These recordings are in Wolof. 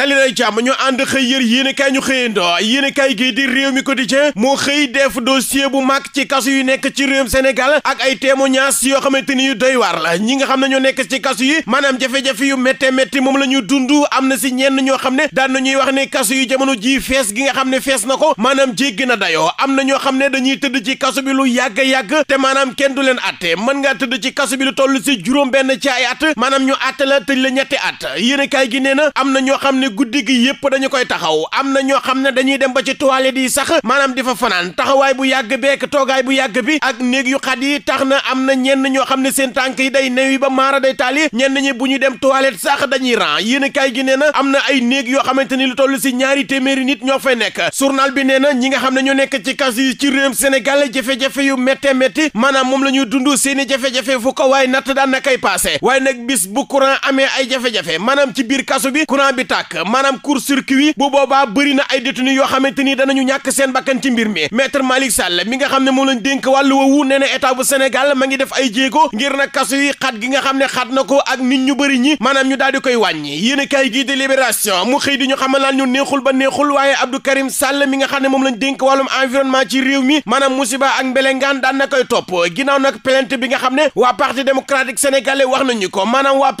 dali na jàmm ñu ànd xëy yër yéen kaay ñu xëyandoo yéen i kaay gii di réew mi quotidien moo xëy def dossier bu mag ci kasu yu nekk ci réewum Sénégal ak ay teemu témoignages yoo xamante ni yu doy waar la ñi nga xam ne ñoo nekk ci kasu yi maanaam jafe-jafe yu métte métti moom la ñu dund am na si ñenn ñoo xam ne daan na ñuy wax ne kasu yu jamono ji fees gi nga xam ne fees na ko maanaam jéggi na dayo am na ñoo xam ne dañuy tëdd ci kasu bi lu yàgg-yàgg te maanaam kenn du leen atte mën ngaa tëdd ci kasu bi toll si juróom benn ci maanaam ñu atte la tëj la ñetti at yéen gi nee na am na ñoo xam ne guddi gi yépp dañu koy taxaw am na ñoo xam ne dañuy dem ba ci toilette yi sax maanaam di fa fanaan taxawaay bu yàgg beek toogaay bu yàgg bi ak néeg yu xat yi tax na am na ñenn ñoo xam ne seen tànk yi day néew yi ba maara day taal ñenn ñi bu ñuy dem toilette sax dañuy ran yéen kay gi nee na am na ay néeg yoo xamante ni lu toll si ñaari téeméeri nit ñoo fay nekk journal bi nee na ñi nga xam ne ñoo nekk ci kas yi ci réewum Sénégal jafe-jafe yu métte métti maanaam moom la ñuy dund seeni jafe-jafe ko waaye natt daan na kay passé waaye nag bis bu courant amee ay jafe maanaam ci biir kasu bi courant bi tàkk maanaam court circuit bu boobaa bëri na ay détenu yoo xamante ni danañu ñàkk seen bakkan ci mbir mi maître Malick Sall mi nga xam ne moom lañ dénk wàllu woowu nee na état bu Sénégal ma ngi def ay jéego ngir nag kaso xat gi nga xam ne xat na ko ak nit ñu bëri ñi maanaam ñu daal di koy wàññi yéen a kaay gii de libération mu xëy di ñu xamal laan ñu neexul ba neexul waaye Abdou Karim Sall mi nga xam ne moom lañ dénk wàllum environnement ci réew mi maanaam musiba ak mbelengaan daan na koy topp ginnaaw nag plainte bi nga xam ne waa parti démocratique sénégalais wax nañu ko maanaam waa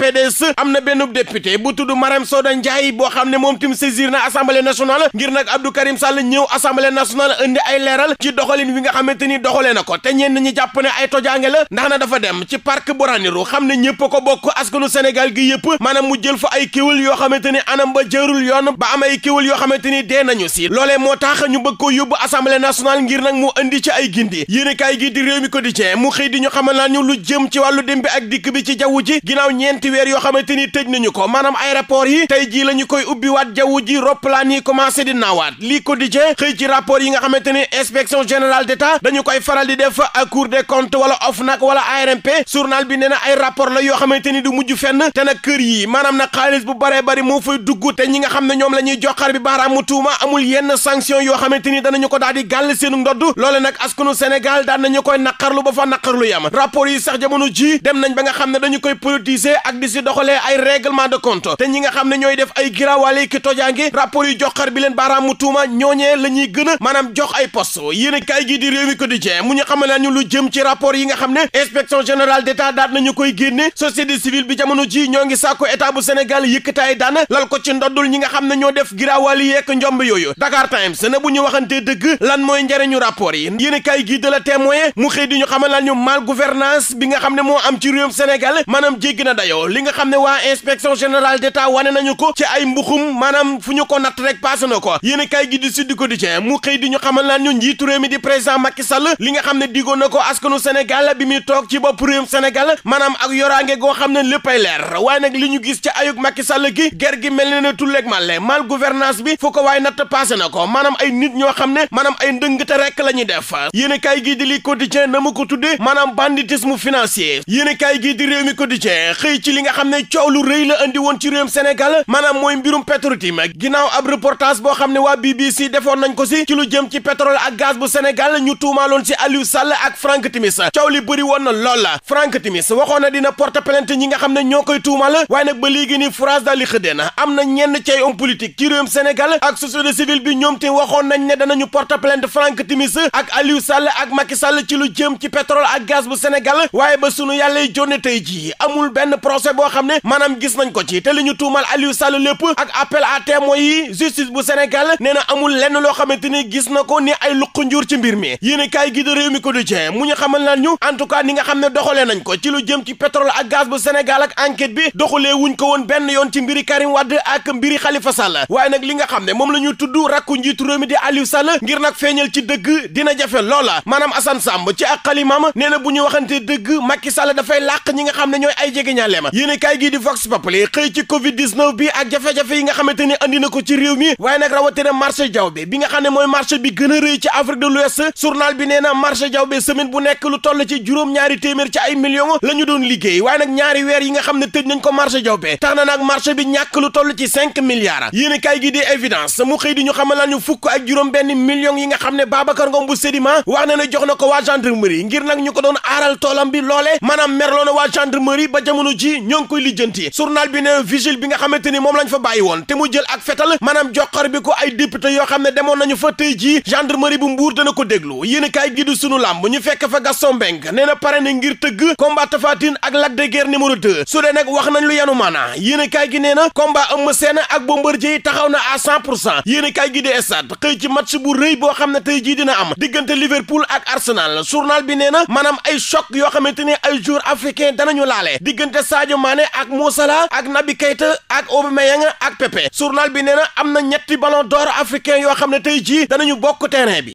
am na benn député bu tudd Marème Soda Ndiaye boo xam ne moom tim saisir na assemblée nationale ngir nag Abdou Karim Sall ñëw ay leeral ci doxalin wi nga xamante ni doxalee na ko te ñenn ñi jàpp ne ay tojaange la ndax na dafa dem ci parc Boraniru xam ne ñëpp ko bokk askanu Sénégal gi yëpp maanaam mu jël fa ay kéwél yoo xamante ni anam ba jërul yoon ba am ay kéwal yoo xamante ni dee nañu si loolee moo tax ñu bëgg ko yóbbu assemblée nationale ngir nag mu indi ci ay gindi yéenekaay gi di réew mi quotidien mu xëy di ñu xamal naa ñu lu jëm ci wàllu dem ak dikk bi ci jaww ji ginnaaw ñeenti weer yoo xamante ni tëj nañu ko maanaam aéroport yi tey jii lañu koy ubbi waat jaww ji roppalaan yi commencé di naawaat lii quotidien xëy ci rapport yi nga xamante ni inspection générale d'état dañu koy faral di def ak cour des comptes wala OFNAC wala ARMP surnal bi nee na ay rapport la yoo xamante ni du mujj fenn te nag kër yi maanaam na xaalis bu baree bari moo fay dugg te ñi nga xam ne ñoom la ñuy joxar bi baaraamu tuuma amul yenn sanction yoo xamante ni danañu ko daal di gàll seenu ndodd loole nag askanu Sénégal daan nañu koy naqarlu ba fa naqarlu yam rapport yi sax jamono ji dem nañ ba nga xam ne dañu koy politiser ak di si doxalee ay règlement de compte te ñi nga xam ne ñooy def ay giraawaale ki tojaange rapport yu joxar bi leen baaraamu tuuma ñooñee la gën a maanaam jox ay poste yéen a kaay gi di réew mi mu ñu xamal naa ñu lu jëm ci rapport yi nga xam ne inspection générale d'état daat nañu koy génne société civile bi jamono ji ñoo ngi sàkku état bu Sénégal yëkkataay daan lal ko ci ndoddul ñi nga xam ne ñoo def giraawaale yeek njomb yooyu Dakar Times na bu ñu waxantee dëgg lan mooy njariñu rapport yi yéen a gi de la témoin xëy di ñu xamal naa ñu mal gouvernance bi nga xam ne moo am ci réewum Sénégal maanaam jéggi na dayoo li nga xam ne waa inspection générale d'état wane nañu ko ci ay mbuxum maanaam fu ñu ko natt rek paase na ko yéen a kaay gi di Sud Quotidien mu xëy di ñu xamal naan ñu njiitu réew mi di président Macky li nga xam ne digoon na ko askanu Sénégal bi muy toog ci bopp réewum Sénégal maanaam ak yoraange goo xam ne léppay leer waaye li ñu gis ci ayug Macky Sall gi ger gi mel ne ne tulleeg màlle mal gouvernance bi fu ko waaye natt paase na ko maanaam ay nit ñoo xam ne maanaam ay ndëng rek la ñuy def yéen a kaay gi di li Quotidien na mu ko tuddee maanaam banditisme financier yéen a kaay gi di réew mi Quotidien xëy ci li nga xam ne coow lu rëy la andi woon ci réewum Sénégal maanaam mooy mbirum Petro-Tim ginnaaw ab reportage boo xam ne waa BBC defoon nañ ko si ci lu jëm ci pétrole ak gaz bu Sénégal ñu tuumaaloon si Aliou Sall ak Frank Timis coow woon na lool la waxoon na dina porte plainte ñi nga xam ne ñoo koy tuumaal waaye nag ba léegi ni France daal na am na ñenn ci ay ci réewum Sénégal ak société civile bi ñoom te waxoon nañ ne danañu porte plainte Frank Timis ak Aliou Sall ak Macky Sall ci lu jëm ci pétrole ak gaz bu Sénégal waaye ba sunu yàlla jonne tey jii amul benn procès boo xam ne maanaam gis nañ ko ci te li ñu tuumaal Aliou Sall lépp ak appel à témoins yi justice bu Sénégal nee na amul lenn loo xamante ni gis na ko ni ay luq njur ci mbir mi yéen kaay gi de réew mi ko du cee mu ñu xamal na ñu en tout cas ni nga xam ne doxalee nañ ko ci lu jëm ci pétrole ak gaz bu Sénégal ak enquête bi doxalee wuñ ko woon benn yoon ci mbiri Karim Wade ak mbiri Khalifa Sall waaye nag li nga xam ne moom la ñu tudd rakku njiitu réew mi di Aliou Sall ngir nag feeñal ci dëgg dina jafe loola maanaam Assane Samb ci ak xalimaam nee na bu ñu waxante dëgg Macky Sall dafay làq ñi nga xam ne ñooy ay jege ñaaleema yéen kaay gi di Vox Populi xëy ci Covid 19 bi ak jafe jafe-jafe yi nga xamante ni andi na ko ci réew mi waaye nag rawatina marché jaww bi bi nga xam mooy marché bi gën a rëy ci Afrique de l'Ouest bi nee na marché jaww bi bu nekk lu toll ci juróom-ñaari téeméer ci ay millions la ñu doon liggéey waaye nag ñaari weer yi nga xam ne tëj ko marché jaww bi na nag marché bi ñàkk lu toll ci cinq milliards yéen kay gi di évidence mu xëy di ñu xamal ñu fukk ak juróom benn millions yi nga xam ne Babacar Ngom bu Sedima wax na ne jox na ko waa ko doon aaral toolam bi loole maanaam merloona waa gendarmerie ba jamono koy lijjanti journal bi ne nga xamante ni moom lañ fa bàyyi woon te mu jël ak fetal maanaam joxar bi ko ay député yoo xam ne demoon nañu fa tey jii gendarmerie bu mbuur dana ko déglu yéen i kaay gi du sunu làmb ñu fekk fa Gaston Mbengue nee pare na ngir tëgg combat Tapha ak Lac de Guiers numéro 2 su dee nag wax nañ lu yanu maanaa yéen i kaay gi nee na combat Eumeu Sène ak Bombardier taxaw na a 100 pour cent yéen i kaay gi xëy ci match bu rëy boo xam ne tey jii dina am diggante Liverpool ak Arsenal journal bi ak Pepe journal bi nee na am na ñetti ballon d'or africain yoo xam ne tey jii danañu bokk terrain bi